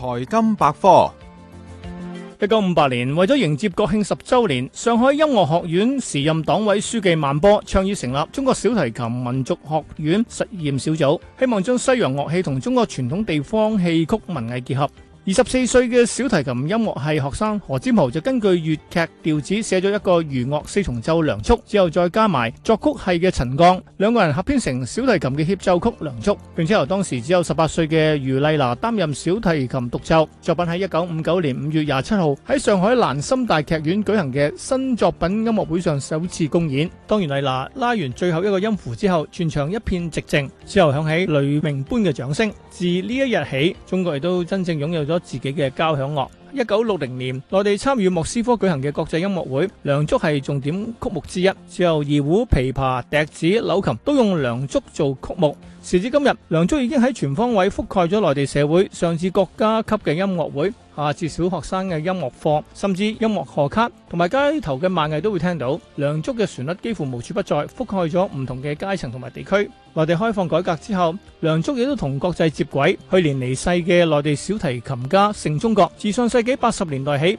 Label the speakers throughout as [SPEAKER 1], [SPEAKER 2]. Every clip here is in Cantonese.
[SPEAKER 1] 財金百科，一九五八年為咗迎接國慶十周年，上海音樂學院時任黨委書記孟波倡議成立中國小提琴民族學派實驗小組，希望將西洋樂器同中國傳統地方戲曲文藝結合。二十四歲嘅小提琴音樂系學生何占豪就根據越劇調子寫咗一個弦樂四重奏梁祝，之後再加埋作曲系嘅陳剛，兩個人合編成小提琴嘅協奏曲梁祝，並且由當時只有十八歲嘅俞麗拿擔任小提琴獨奏。作品喺一九五九年五月廿七號喺上海蘭心大劇院舉行嘅新作品音樂會上首次公演。當俞麗拿拉完最後一個音符之後，全場一片寂靜，之後響起雷鳴般嘅掌聲。自呢一日起，中國亦都真正擁有。咗自己嘅交響樂，一九六零年，內地參與莫斯科舉行嘅國際音樂會，梁祝係重點曲目之一。之後二胡、琵琶、笛子、柳琴都用梁祝做曲目。時至今日，梁祝已經喺全方位覆蓋咗內地社會，上至國家級嘅音樂會。下至小學生嘅音樂課，甚至音樂賀卡同埋街頭嘅賣藝都會聽到梁祝嘅旋律，幾乎無處不在，覆蓋咗唔同嘅階層同埋地區。內地開放改革之後，梁祝亦都同國際接軌。去年離世嘅內地小提琴家盛中國，自上世紀八十年代起，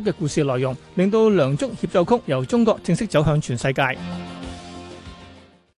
[SPEAKER 1] 嘅故事內容令到《梁祝協奏曲》由中國正式走向全世界。